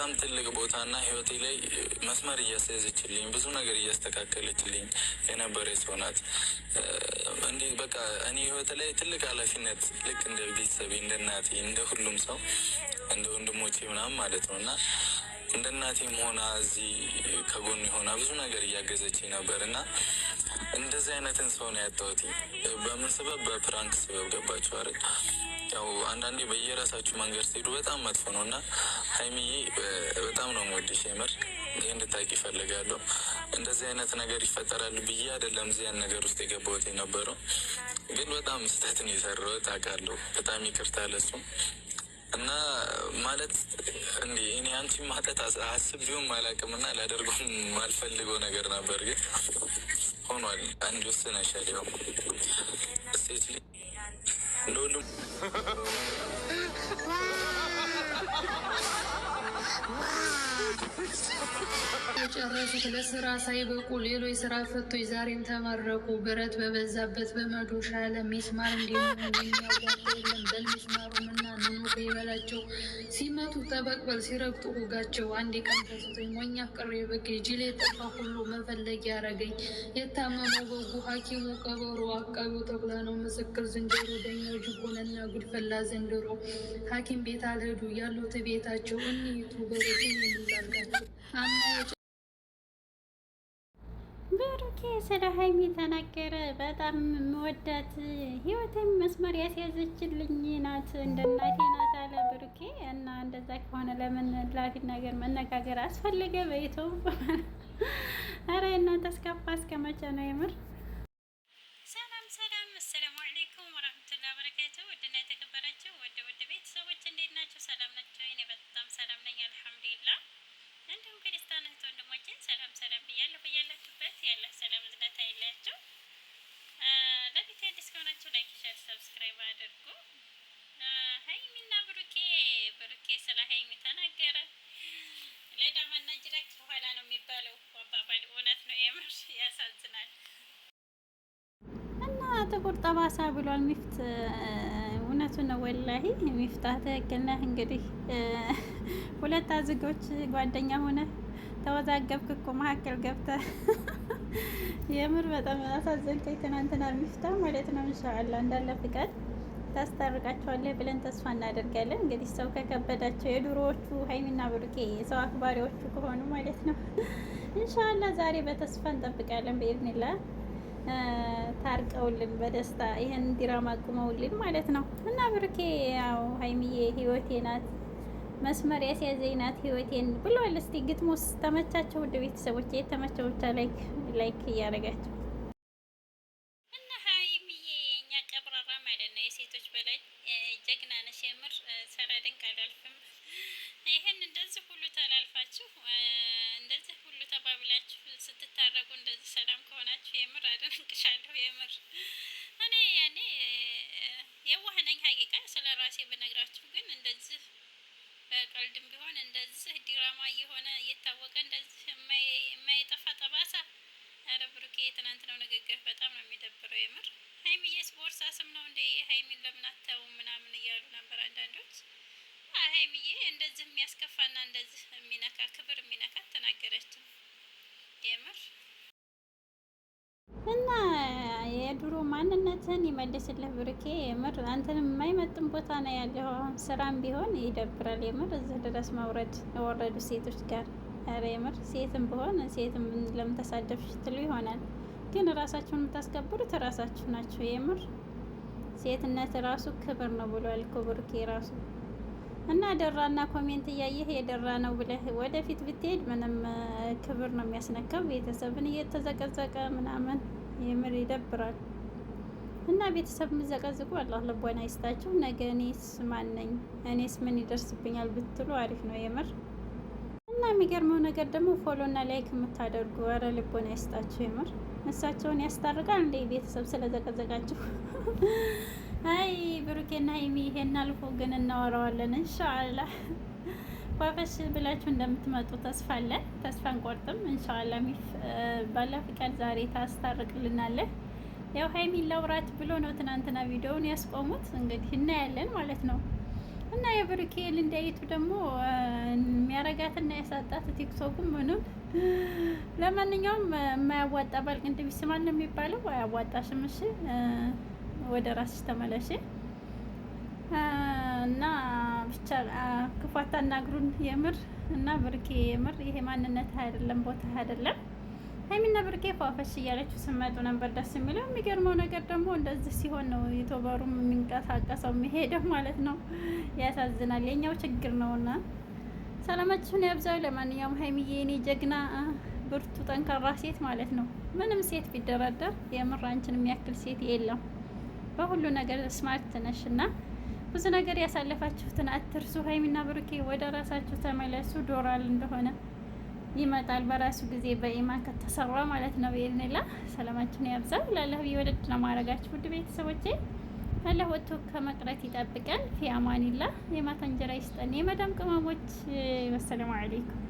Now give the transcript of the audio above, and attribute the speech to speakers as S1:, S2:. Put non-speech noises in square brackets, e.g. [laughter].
S1: በጣም ትልቅ ቦታና ህይወቴ ላይ መስመር እያስያዘችልኝ ብዙ ነገር እያስተካከለችልኝ የነበረ ሰው ናት። እንዲ በቃ እኔ ህይወት ላይ ትልቅ ኃላፊነት ልክ እንደ ቤተሰቤ እንደ እናቴ እንደ ሁሉም ሰው እንደ ወንድሞቼ ምናምን ማለት ነው እና እንደ እናቴም ሆና እዚህ ከጎን ሆና ብዙ ነገር እያገዘች ነበር እና እንደዚህ አይነትን ሰው ነው ያጣሁት። በምን ስበብ? በፕራንክ ስበብ ገባችሁ አይደል? ያው አንዳንዴ በየራሳችሁ መንገድ ሲሄዱ በጣም መጥፎ ነው እና ሀይሚዬ በጣም ነው የምወድሽ። የምር ይህ እንድታውቂ ይፈልጋሉ። እንደዚህ አይነት ነገር ይፈጠራል ብዬ አይደለም እዚያን ነገር ውስጥ የገባሁት የነበረው፣ ግን በጣም ስህተት ነው የሰራሁት አውቃለሁ። በጣም ይቅርታ ለሱ እና ማለት እንዲ እኔ አንቺ ማጠት አስብ ቢሆን አላውቅም እና ላደርገውም አልፈልገው ነገር ነበር፣ ግን ሆኗል። አንድ ውስነሻል ያው No, no. [laughs] ጨረሱት። ለስራ ሳይበቁ ሌሎች ስራ ፈቶች ዛሬም ተመረቁ። ብረት በበዛበት በመዶሻ ለሚስማር እንዲሆኑ የሚያጓጓለን በል ሚስማሩምና ንኑቅ ይበላቸው። ሲመቱ ተበቅበል ሲረግጡ
S2: ሁጋቸው። አንድ ቀን ተስቶኝ ሞኛ ፍቅሬ በጌ ጅል የጠፋ ሁሉ መፈለግ ያረገኝ የታመመው በጉ ሐኪሙ ቀበሮ አቃቢው ተኩላ ነው ምስክር ዝንጀሮ ደኛው ጅጎነና ጉድፈላ ዘንድሮ ሐኪም ቤት አልሄዱ ያሉት ቤታቸው እኒቱ በረቱ የሚላጋቸው ብሩኬ ስለ ሀይሚ ተናገረ። በጣም መወዳት ህይወትም መስመር ያስያዘችልኝ ናት እንደ እናቴ ናት አለ ብሩኬ። እና እንደዛ ከሆነ ለምን ላፊት ነገር መነጋገር አስፈለገ? በይቶ አረ እናንተ እስከፋ እስከ መቼ ነው የምር? ሰላም ሰላም፣ ቤተሰቦች እንዴት ናቸው? ሰላም ናቸው? ጥቁር ጠባሳ ብሏል። ሚፍት እውነቱ ነው ወላሂ ሚፍታህ ትክክል ነህ። እንግዲህ ሁለት አዝጎች ጓደኛ ሆነ ተወዛገብክ እኮ መካከል ገብተህ የምር በጣም አሳዘንከኝ ትናንትና ሚፍታ ማለት ነው። እንሻአላ እንዳለ ፍቃድ ታስታርቃቸዋለህ ብለን ተስፋ እናደርጋለን። እንግዲህ ሰው ከከበዳቸው የድሮዎቹ ሀይሚና ብሩኬ የሰው አክባሪዎቹ ከሆኑ ማለት ነው። እንሻአላ ዛሬ በተስፋ እንጠብቃለን ብኢድንላ ታርቀውልን በደስታ ይህን ዲራማ አቁመውልን ማለት ነው። እና ብርኬ ያው ሀይሚዬ ህይወቴ ናት መስመር ያስያዘኝ ናት ህይወቴን ብሏል። እስቲ ግጥሞስ ተመቻቸው? ውድ ቤተሰቦች የተመቻቸው ብቻ ላይክ ላይክ እያደረጋቸው ሀሮልድም ቢሆን እንደዚህ ድራማ እየሆነ እየታወቀ እንደዚህ የማይጠፋ ጠባሳ። ኧረ ብሩኬ የትናንት ነው ንግግር በጣም ነው የሚደብረው የምር። ሀይሚዬስ ቦርሳ ስም ነው እንደ ሀይሚን ለምን ምናምን እያሉ ነበር አንዳንዶች። ሀይሚዬ እንደዚህ የሚያስከፋና እንደዚህ የሚነካ ክብር ማንነትን ይመልስልህ ብሩኬ። የምር አንተን የማይመጥን ቦታ ነው ያለው። አሁን ስራም ቢሆን ይደብራል። የምር እዚህ ድረስ መውረድ የወረዱ ሴቶች ጋር ኧረ የምር ሴትም ቢሆን ሴትም ለምን ትሉ ይሆናል፣ ግን ራሳችሁን የምታስከብሩት ራሳችሁ ናቸው የምር ሴትነት ራሱ ክብር ነው ብሏል እኮ ብሩኬ ራሱ እና ደራና ኮሜንት እያየህ የደራ ነው ብለህ ወደፊት ብትሄድ ምንም ክብር ነው የሚያስነካው። ቤተሰብን እየተዘቀዘቀ ምናምን የምር ይደብራል። እና ቤተሰብ የምዘቀዝቁ አላህ ልቦና ይስጣቸው። ነገ እኔስ ነኝ? እኔስ ምን ይደርስብኛል ብትሉ አሪፍ ነው የምር። እና የሚገርመው ነገር ደግሞ ፎሎ እና ላይክ የምታደርጉ ኧረ ልቦና ይስጣቸው የምር። እሳቸውን ያስታርቃል እንደ ቤተሰብ ስለዘቀዘቃችሁ። አይ ብሩኬና ሀይሚ ይሄን አልፎ ግን እናወራዋለን እንሻአላህ። ፋፈሽ ብላችሁ እንደምትመጡ ተስፋ አለን። ተስፋ እንቆርጥም እንሻላ ባላ ዛሬ ታስታርቅልናለን። ያው ሀይሚ ላውራት ብሎ ነው ትናንትና ቪዲዮውን ያስቆሙት። እንግዲህ እናያለን ማለት ነው። እና የብሩኬ ልንዳይቱ ደግሞ የሚያረጋትና ያሳጣት ቲክቶኩ ምንም። ለማንኛውም የማያዋጣ ባል ቅንድብ ነው የሚባለው። አያዋጣሽም። እሺ ወደ ራስሽ ተመለሽ እና ብቻ ክፏታ እናግሩን የምር እና ብርኬ የምር ይሄ ማንነት አይደለም፣ ቦታ አይደለም። ሀይሚና ብርኬ ፏፈሽ እያለችው ስመጡ ነበር ደስ የሚለው። የሚገርመው ነገር ደግሞ እንደዚህ ሲሆን ነው የተባሩም የሚንቀሳቀሰው የሚሄደው ማለት ነው። ያሳዝናል። የኛው ችግር ነውና ሰላማችሁን ያብዛው። ለማንኛውም ሀይሚዬ ኔ ጀግና ብርቱ ጠንካራ ሴት ማለት ነው። ምንም ሴት ቢደረደር የምር አንችን የሚያክል ሴት የለም። በሁሉ ነገር ስማርት ነሽ እና ብዙ ነገር ያሳለፋችሁትን አትርሱ። ሀይሚና ብሩኬ ወደ ራሳችሁ ተመለሱ። ዶራል እንደሆነ ይመጣል በራሱ ጊዜ በኢማን ከተሰራ ማለት ነው። ብኢድንላ ሰላማችን ያብዛል። ላለህ የወደድ ለማድረጋችሁ ውድ ቤተሰቦቼ አላህ ወጥቶ ከመቅረት ይጠብቀን። ፊ አማኒላ የማታ እንጀራ ይስጠን። የመዳም ቅመሞች ወሰላሙ አለይኩም